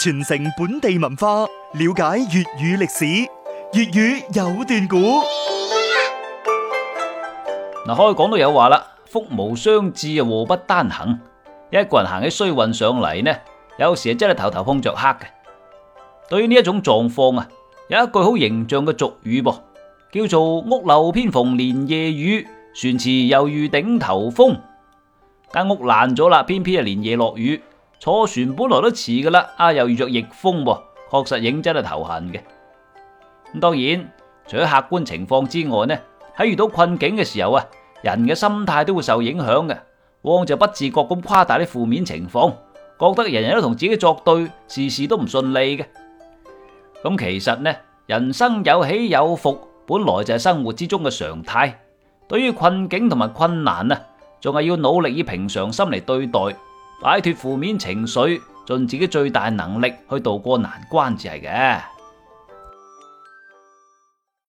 傳承本地文化，了解粵語歷史，粵語有段古。嗱、嗯，開講都有話啦，福無雙至啊，禍不單行。一個人行起衰運上嚟呢，有時啊真係頭頭碰着黑嘅。對於呢一種狀況啊，有一句好形象嘅俗語噃，叫做屋漏偏逢連夜雨，船遲又遇頂頭風。間屋爛咗啦，偏偏係連夜落雨。坐船本來都遲噶啦，啊又遇着逆風，確實認真係頭痕嘅。咁當然，除咗客觀情況之外呢，喺遇到困境嘅時候啊，人嘅心態都會受影響嘅。往就不自覺咁誇大啲負面情況，覺得人人都同自己作對，事事都唔順利嘅。咁其實呢，人生有起有伏，本來就係生活之中嘅常態。對於困境同埋困難啊，仲係要努力以平常心嚟對待。擺脫負面情緒，盡自己最大能力去渡過難關，至係嘅。